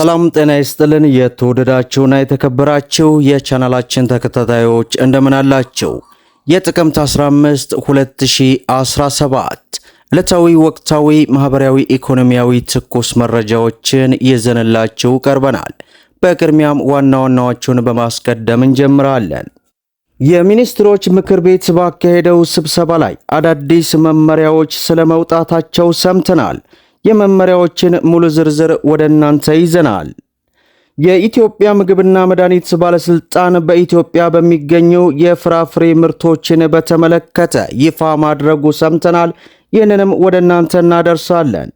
ሰላም ጤና ይስጥልን። የተወደዳችሁና የተከበራችሁ የቻናላችን ተከታታዮች እንደምን አላችሁ? የጥቅምት 15 2017 ዕለታዊ ወቅታዊ፣ ማህበራዊ፣ ኢኮኖሚያዊ ትኩስ መረጃዎችን ይዘንላችሁ ቀርበናል። በቅድሚያም ዋና ዋናዎቹን በማስቀደም እንጀምራለን። የሚኒስትሮች ምክር ቤት ባካሄደው ስብሰባ ላይ አዳዲስ መመሪያዎች ስለመውጣታቸው ሰምተናል። የመመሪያዎችን ሙሉ ዝርዝር ወደ እናንተ ይዘናል። የኢትዮጵያ ምግብና መድኃኒት ባለስልጣን በኢትዮጵያ በሚገኙ የፍራፍሬ ምርቶችን በተመለከተ ይፋ ማድረጉ ሰምተናል። ይህንንም ወደ እናንተ እናደርሳለን።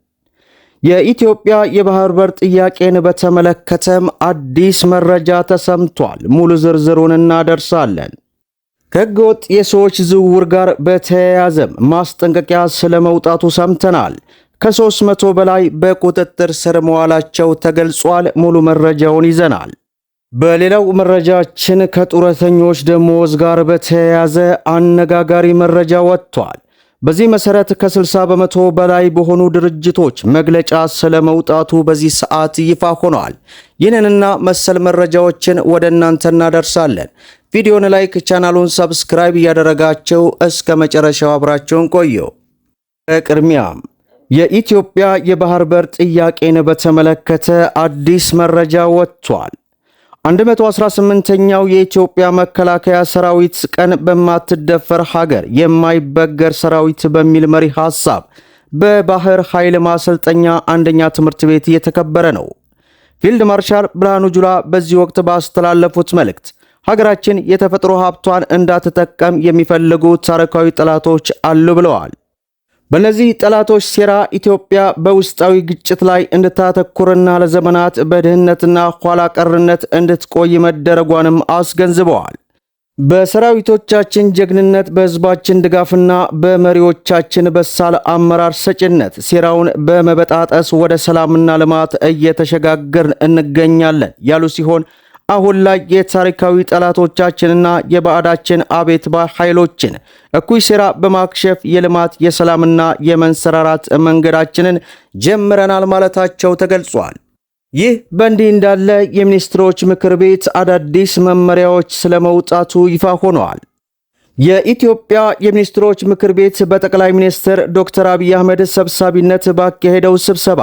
የኢትዮጵያ የባህር በር ጥያቄን በተመለከተም አዲስ መረጃ ተሰምቷል። ሙሉ ዝርዝሩን እናደርሳለን። ከህገወጥ የሰዎች ዝውውር ጋር በተያያዘም ማስጠንቀቂያ ስለመውጣቱ ሰምተናል። ከ መቶ በላይ በቁጥጥር ስር መዋላቸው ተገልጿል። ሙሉ መረጃውን ይዘናል። በሌላው መረጃችን ከጡረተኞች ደሞዝ ጋር በተያያዘ አነጋጋሪ መረጃ ወጥቷል። በዚህ መሰረት ከ60 በመቶ በላይ በሆኑ ድርጅቶች መግለጫ ስለመውጣቱ በዚህ ሰዓት ይፋ ሆኗል። ይህንንና መሰል መረጃዎችን ወደ እናንተ እናደርሳለን። ቪዲዮን ላይክ፣ ቻናሉን ሰብስክራይብ እያደረጋቸው እስከ መጨረሻው አብራቸውን ቆየው። በቅድሚያም የኢትዮጵያ የባህር በር ጥያቄን በተመለከተ አዲስ መረጃ ወጥቷል። 118ኛው የኢትዮጵያ መከላከያ ሰራዊት ቀን በማትደፈር ሀገር የማይበገር ሰራዊት በሚል መሪ ሐሳብ በባህር ኃይል ማሰልጠኛ አንደኛ ትምህርት ቤት እየተከበረ ነው። ፊልድ ማርሻል ብርሃኑ ጁላ በዚህ ወቅት ባስተላለፉት መልእክት ሀገራችን የተፈጥሮ ሀብቷን እንዳትጠቀም የሚፈልጉ ታሪካዊ ጠላቶች አሉ ብለዋል። በእነዚህ ጠላቶች ሴራ ኢትዮጵያ በውስጣዊ ግጭት ላይ እንድታተኩርና ለዘመናት በድህነትና ኋላ ቀርነት እንድትቆይ መደረጓንም አስገንዝበዋል። በሰራዊቶቻችን ጀግንነት፣ በህዝባችን ድጋፍና በመሪዎቻችን በሳል አመራር ሰጭነት ሴራውን በመበጣጠስ ወደ ሰላምና ልማት እየተሸጋገርን እንገኛለን ያሉ ሲሆን አሁን ላይ የታሪካዊ ጠላቶቻችንና የባዕዳችን አቤት ባይ ኃይሎችን እኩይ ሴራ በማክሸፍ የልማት የሰላምና የመንሰራራት መንገዳችንን ጀምረናል ማለታቸው ተገልጿል። ይህ በእንዲህ እንዳለ የሚኒስትሮች ምክር ቤት አዳዲስ መመሪያዎች ስለመውጣቱ ይፋ ሆነዋል። የኢትዮጵያ የሚኒስትሮች ምክር ቤት በጠቅላይ ሚኒስትር ዶክተር አብይ አህመድ ሰብሳቢነት ባካሄደው ስብሰባ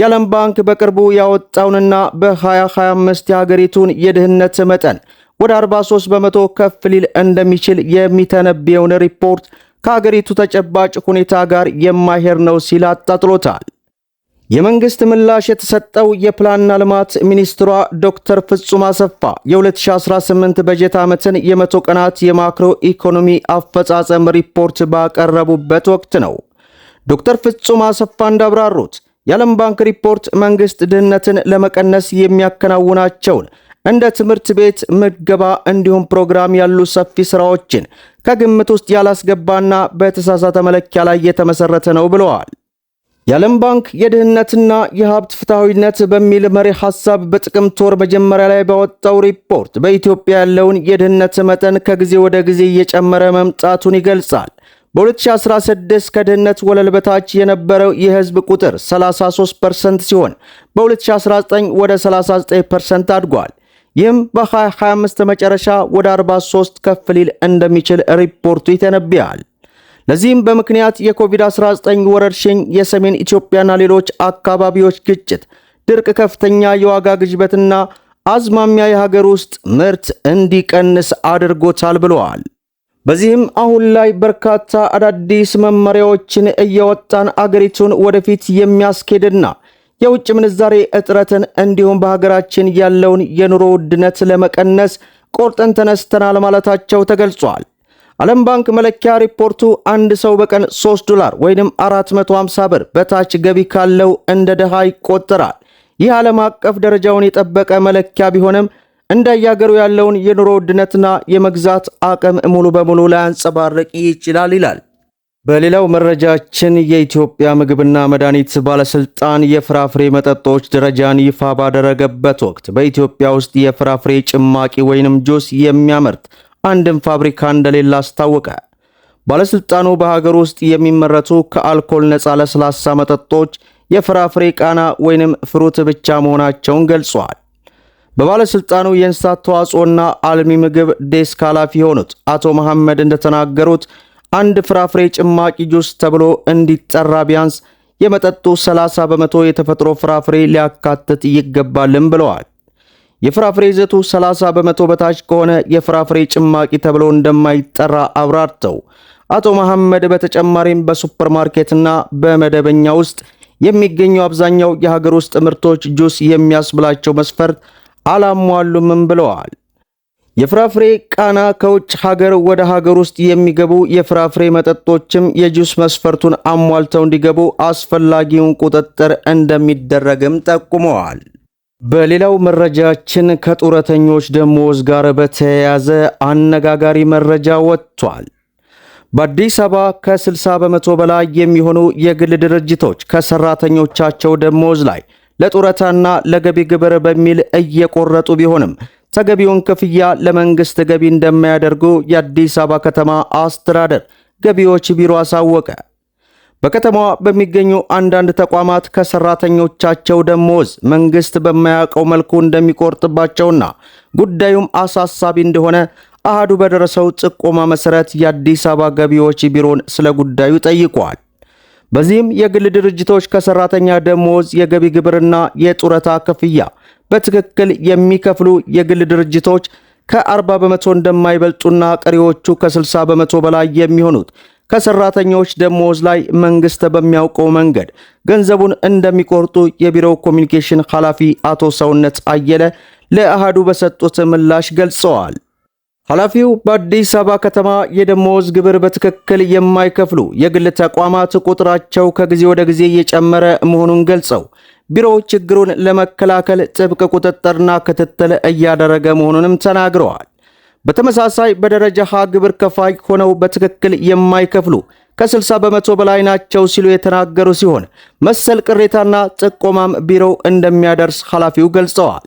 የዓለም ባንክ በቅርቡ ያወጣውንና በ2025 የሀገሪቱን የድህነት መጠን ወደ 43 በመቶ ከፍ ሊል እንደሚችል የሚተነብየውን ሪፖርት ከሀገሪቱ ተጨባጭ ሁኔታ ጋር የማይሄድ ነው ሲል አጣጥሎታል። የመንግስት ምላሽ የተሰጠው የፕላንና ልማት ሚኒስትሯ ዶክተር ፍጹም አሰፋ የ2018 በጀት ዓመትን የመቶ ቀናት የማክሮ ኢኮኖሚ አፈጻጸም ሪፖርት ባቀረቡበት ወቅት ነው። ዶክተር ፍጹም አሰፋ እንዳብራሩት የዓለም ባንክ ሪፖርት መንግስት ድህነትን ለመቀነስ የሚያከናውናቸውን እንደ ትምህርት ቤት ምገባ እንዲሁም ፕሮግራም ያሉ ሰፊ ስራዎችን ከግምት ውስጥ ያላስገባና በተሳሳተ መለኪያ ላይ የተመሰረተ ነው ብለዋል። የዓለም ባንክ የድህነትና የሀብት ፍትሐዊነት በሚል መሪ ሐሳብ በጥቅምት ወር መጀመሪያ ላይ ባወጣው ሪፖርት በኢትዮጵያ ያለውን የድህነት መጠን ከጊዜ ወደ ጊዜ እየጨመረ መምጣቱን ይገልጻል። በ2016 ከድህነት ወለል በታች የነበረው የህዝብ ቁጥር 33% ሲሆን በ2019 ወደ 39% አድጓል። ይህም በ2025 መጨረሻ ወደ 43 ከፍ ሊል እንደሚችል ሪፖርቱ ይተነብያል። ለዚህም በምክንያት የኮቪድ-19 ወረርሽኝ፣ የሰሜን ኢትዮጵያና ሌሎች አካባቢዎች ግጭት፣ ድርቅ፣ ከፍተኛ የዋጋ ግሽበትና አዝማሚያ የሀገር ውስጥ ምርት እንዲቀንስ አድርጎታል ብለዋል። በዚህም አሁን ላይ በርካታ አዳዲስ መመሪያዎችን እየወጣን አገሪቱን ወደፊት የሚያስኬድና የውጭ ምንዛሬ እጥረትን እንዲሁም በሀገራችን ያለውን የኑሮ ውድነት ለመቀነስ ቆርጠን ተነስተናል ማለታቸው ተገልጿል። ዓለም ባንክ መለኪያ ሪፖርቱ አንድ ሰው በቀን 3 ዶላር ወይም 450 ብር በታች ገቢ ካለው እንደ ድሃ ይቆጠራል። ይህ ዓለም አቀፍ ደረጃውን የጠበቀ መለኪያ ቢሆንም እንዳያገሩ ያለውን የኑሮ ውድነትና የመግዛት አቅም ሙሉ በሙሉ ላያንጸባርቅ ይችላል ይላል። በሌላው መረጃችን የኢትዮጵያ ምግብና መድኃኒት ባለስልጣን የፍራፍሬ መጠጦች ደረጃን ይፋ ባደረገበት ወቅት በኢትዮጵያ ውስጥ የፍራፍሬ ጭማቂ ወይንም ጁስ የሚያመርት አንድም ፋብሪካ እንደሌለ አስታወቀ። ባለስልጣኑ በሀገር ውስጥ የሚመረቱ ከአልኮል ነፃ ለስላሳ መጠጦች የፍራፍሬ ቃና ወይንም ፍሩት ብቻ መሆናቸውን ገልጿል። በባለስልጣኑ የእንስሳት ተዋጽኦና አልሚ ምግብ ዴስክ ኃላፊ የሆኑት አቶ መሐመድ እንደተናገሩት አንድ ፍራፍሬ ጭማቂ ጁስ ተብሎ እንዲጠራ ቢያንስ የመጠጡ 30 በመቶ የተፈጥሮ ፍራፍሬ ሊያካትት ይገባልም ብለዋል። የፍራፍሬ ይዘቱ 30 በመቶ በታች ከሆነ የፍራፍሬ ጭማቂ ተብሎ እንደማይጠራ አብራርተው አቶ መሐመድ በተጨማሪም በሱፐርማርኬትና በመደበኛ ውስጥ የሚገኙ አብዛኛው የሀገር ውስጥ ምርቶች ጁስ የሚያስብላቸው መስፈርት አላሟሉምም ብለዋል። የፍራፍሬ ቃና ከውጭ ሀገር ወደ ሀገር ውስጥ የሚገቡ የፍራፍሬ መጠጦችም የጁስ መስፈርቱን አሟልተው እንዲገቡ አስፈላጊውን ቁጥጥር እንደሚደረግም ጠቁመዋል። በሌላው መረጃችን ከጡረተኞች ደሞዝ ጋር በተያያዘ አነጋጋሪ መረጃ ወጥቷል። በአዲስ አበባ ከ60 በመቶ በላይ የሚሆኑ የግል ድርጅቶች ከሰራተኞቻቸው ደሞዝ ላይ ለጡረታና ለገቢ ግብር በሚል እየቆረጡ ቢሆንም ተገቢውን ክፍያ ለመንግስት ገቢ እንደማያደርጉ የአዲስ አበባ ከተማ አስተዳደር ገቢዎች ቢሮ አሳወቀ። በከተማዋ በሚገኙ አንዳንድ ተቋማት ከሰራተኞቻቸው ደሞዝ መንግስት በማያውቀው መልኩ እንደሚቆርጥባቸውና ጉዳዩም አሳሳቢ እንደሆነ አሃዱ በደረሰው ጥቆማ መሰረት የአዲስ አበባ ገቢዎች ቢሮን ስለ ጉዳዩ ጠይቋል። በዚህም የግል ድርጅቶች ከሰራተኛ ደሞዝ፣ የገቢ ግብርና፣ የጡረታ ክፍያ በትክክል የሚከፍሉ የግል ድርጅቶች ከ40 በመቶ እንደማይበልጡና ቀሪዎቹ ከ60 በመቶ በላይ የሚሆኑት ከሰራተኞች ደሞዝ ላይ መንግስት በሚያውቀው መንገድ ገንዘቡን እንደሚቆርጡ የቢሮው ኮሚኒኬሽን ኃላፊ አቶ ሰውነት አየለ ለአሃዱ በሰጡት ምላሽ ገልጸዋል። ኃላፊው በአዲስ አበባ ከተማ የደሞዝ ግብር በትክክል የማይከፍሉ የግል ተቋማት ቁጥራቸው ከጊዜ ወደ ጊዜ እየጨመረ መሆኑን ገልጸው ቢሮው ችግሩን ለመከላከል ጥብቅ ቁጥጥርና ክትትል እያደረገ መሆኑንም ተናግረዋል። በተመሳሳይ በደረጃ ሀ ግብር ከፋይ ሆነው በትክክል የማይከፍሉ ከ60 በመቶ በላይ ናቸው ሲሉ የተናገሩ ሲሆን መሰል ቅሬታና ጥቆማም ቢሮው እንደሚያደርስ ኃላፊው ገልጸዋል።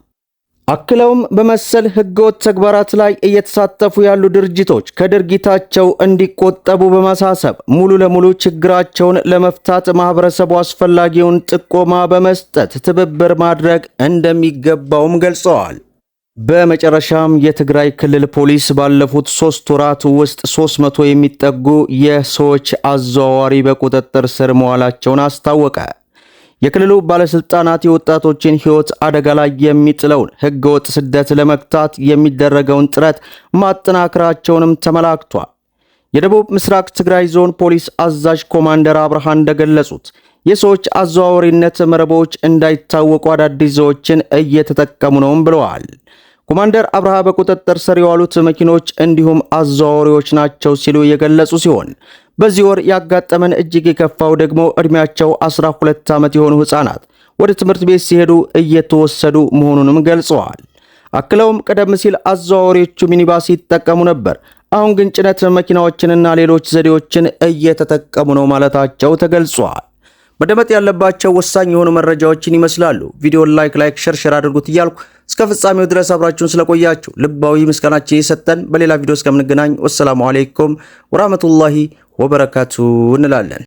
አክለውም በመሰል ህገወጥ ተግባራት ላይ እየተሳተፉ ያሉ ድርጅቶች ከድርጊታቸው እንዲቆጠቡ በማሳሰብ ሙሉ ለሙሉ ችግራቸውን ለመፍታት ማህበረሰቡ አስፈላጊውን ጥቆማ በመስጠት ትብብር ማድረግ እንደሚገባውም ገልጸዋል። በመጨረሻም የትግራይ ክልል ፖሊስ ባለፉት ሶስት ወራት ውስጥ 300 የሚጠጉ የሰዎች አዘዋዋሪ በቁጥጥር ስር መዋላቸውን አስታወቀ። የክልሉ ባለስልጣናት የወጣቶችን ህይወት አደጋ ላይ የሚጥለውን ህገወጥ ስደት ለመግታት የሚደረገውን ጥረት ማጠናከራቸውንም ተመላክቷል። የደቡብ ምስራቅ ትግራይ ዞን ፖሊስ አዛዥ ኮማንደር አብርሃ እንደገለጹት የሰዎች አዘዋወሪነት መረቦች እንዳይታወቁ አዳዲስ ዘዎችን እየተጠቀሙ ነውም ብለዋል። ኮማንደር አብርሃ በቁጥጥር ስር የዋሉት መኪኖች እንዲሁም አዘዋዋሪዎች ናቸው ሲሉ የገለጹ ሲሆን በዚህ ወር ያጋጠመን እጅግ የከፋው ደግሞ ዕድሜያቸው 12 ዓመት የሆኑ ሕፃናት ወደ ትምህርት ቤት ሲሄዱ እየተወሰዱ መሆኑንም ገልጸዋል። አክለውም ቀደም ሲል አዘዋዋሪዎቹ ሚኒባስ ይጠቀሙ ነበር፣ አሁን ግን ጭነት መኪናዎችንና ሌሎች ዘዴዎችን እየተጠቀሙ ነው ማለታቸው ተገልጿል። መደመጥ ያለባቸው ወሳኝ የሆኑ መረጃዎችን ይመስላሉ። ቪዲዮን ላይክ ላይክ ሸር ሸር አድርጉት እያልኩ እስከ ፍጻሜው ድረስ አብራችሁን ስለቆያችሁ ልባዊ ምስጋናችን የሰጠን። በሌላ ቪዲዮ እስከምንገናኝ ወሰላሙ አሌይኩም ወራህመቱላሂ ወበረካቱ እንላለን።